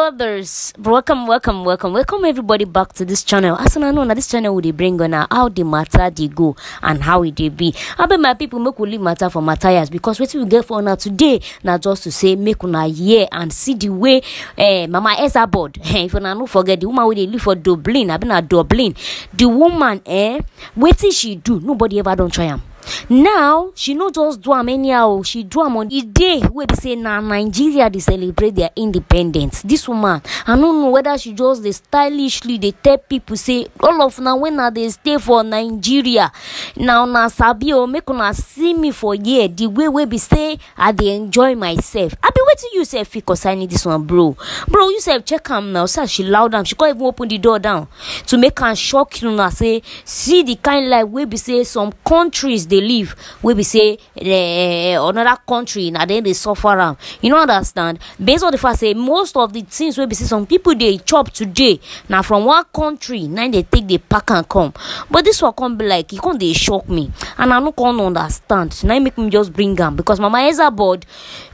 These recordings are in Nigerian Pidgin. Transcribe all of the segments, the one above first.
others welcome welcome welcome welcome everybody back to this channel as una know na this channel will bring on how the matter they go and how it dey be bet my people make we leave matter for matthias because what we get for now today now just to say make una hear and see the way eh, mama esabod eh, if do not forget the woman wey they live for dublin I been na dublin the woman eh, wetin she do nobody ever don't try am now she no just do am anyhow she do am on the day wey be say na nigeria dey celebrate their independence this woman i no know whether she just dey stylishly dey tell people say all of una wey una dey stay for nigeria na una sabi o oh, make una see me for here the way wey be say i dey enjoy myself abi wetin you sef fit concerning this one bro bro you sef check am now see as she loud am she come even open the door down to make am shock una say see the kind life wey be say some countries dey live wey be say eh, another country na dem dey suffer am you no understand based on the fact say most of the things wey be say some people dey chop today na from one country na im dey take dey pack am come but this one come be like e come dey shock me and i no come understand na make me just bring am because mama ezabod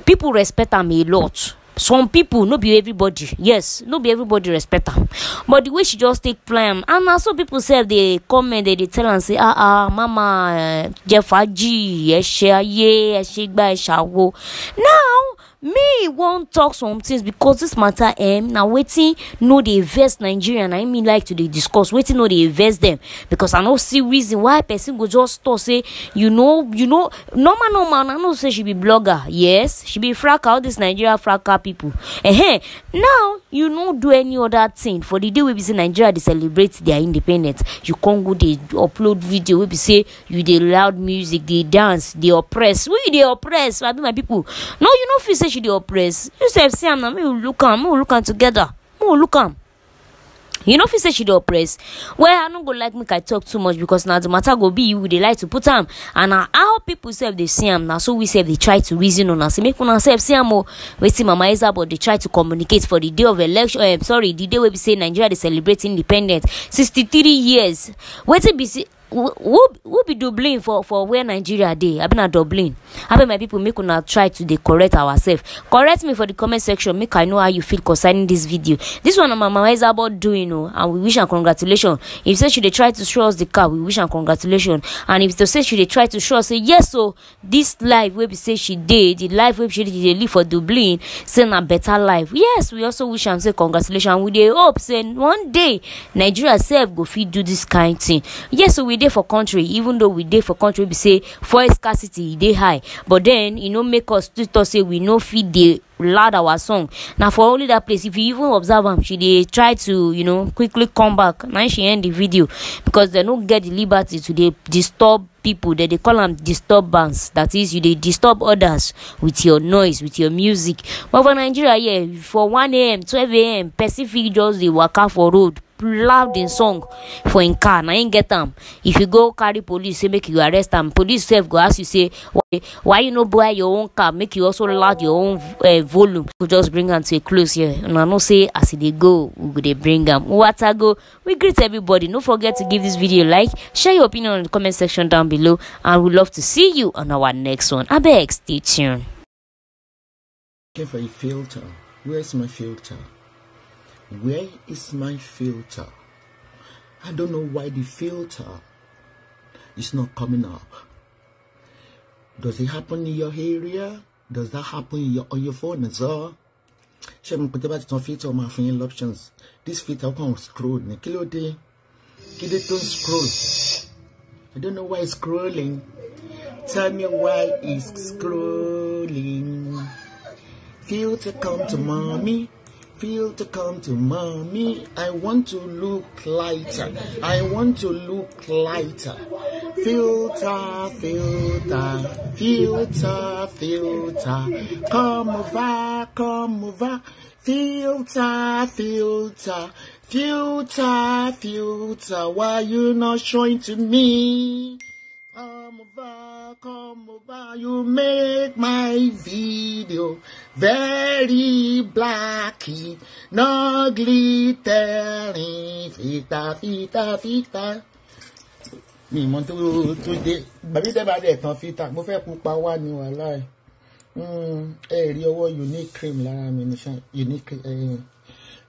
people respect am a lot some people no be everybody yes no be everybody respect am but the way she just take fly am and na so people sef dey comment dey dey tell am say ah ah mama eh, jẹ fàájì ẹ ṣe ayé ẹ ṣe gbá ẹ ṣàwo now me wan talk some things because this matter eh, na wetin no dey vex nigeria na im me like to dey discuss wetin no dey vex dem because i no see reason why person go just talk say you know you know normal normal na know say she be blogger yes she be fraka all these nigeria fraka people eh, now you no do any other thing for the day wey be say nigeria dey celebrate their independence you come go dey upload video wey be say you dey loud music dey dance dey oppress wey you dey oppress abi my people no you no feel say she dey oppress you sef see am na make we look am make we look am together make we look am you no fit say she dey oppress well i no go like make i talk too much because na the matter go be we dey like to put am and na how people sef dey see am na so we sef dey try to reason una say make una sef see am o wetin mama but dey try to communicate for the day of election um, sorry the day wey be say nigeria dey celebrate independence sixty-three years wetin be say who who be dublin for for where nigeria dey abi na dublin abi my people make una try to dey correct ourselves correct me for the comment section make i know how you feel concerning this video this one na mama ezabo doing o oh, and we wish am congratulation if say she dey try to show us the car we wish am congratulation and if to say she dey try to show us say yes o oh, this life wey be say she dey the life wey she dey live for dublin say na better life yes we also wish am say congratulation we dey hope say one day nigeria sef go fit do this kind thing yes o oh, we we dey for country even though we dey for country be say fuel scarcity e dey high but then e no make us to talk say we no fit dey loud our song na for only that place if you even observe am she dey try to you know quickly come back na she end the video because dem no get the liberty to dey disturb people dem dey call am disturbance that is you dey disturb others with your noise with your music but for nigeria here yeah, for 1am 12am person fit just dey waka for road loud im song for im car na im get am if you go carry police say make you arrest am police sef go ask you say why, why you no buy your own car make you also loud your own uh, volume go just bring am to a close here una know say as e dey go we go dey bring am watago we greet everybody no forget to give this video like share your opinion in the comment section down below and we love to see you on our next one abeg stay tuned. Give a filter. Where's my filter? Where is my filter? I don't know why the filter is not coming up. Does it happen in your area? Does that happen your, on your phone as well? ṣé mo pété bá ti filter máa fún yín options this filter kan scroll ní kí ló dé kí ló tó scroll I don't know why it's scrolling tell me why it's scrolling filter come to mommy feel to come to mommy. I want to look lighter. I want to look lighter. Filter, filter, filter, filter. Come over, come over. Filter, filter, filter, filter. Why you not showing to me? Come over, come over, you make my video very blacky, no glittering, fita, fita, fita. Mi mọ tó tó dé, bàbí tẹ́ bá dẹ̀ tán fita, mo fẹ́ pupa wá ní wàhálà ẹ̀. Hmm, ẹ rí ọwọ́ unique cream lára mi ní ṣá, unique cream. Eh,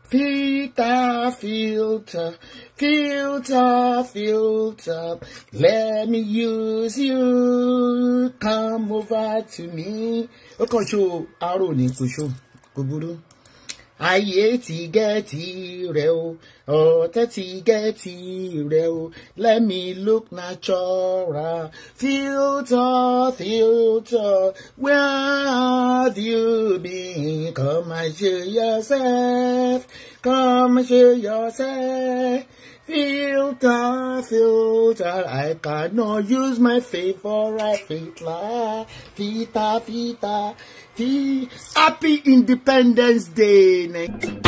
Peter filter, filter, filter. Let me use you. Come over to me. Ó kàn ṣó aró ní kò ṣó kò burú. I ti gẹ́ẹ̀tì reo, Oh, ọ̀tẹ̀ ti gẹ́ẹ̀tì let me look natural filter filter where have you been come and show yourself come and show yourself. Filter, filter, I cannot use my favorite filter. Filter, filter, filter. Happy Independence Day.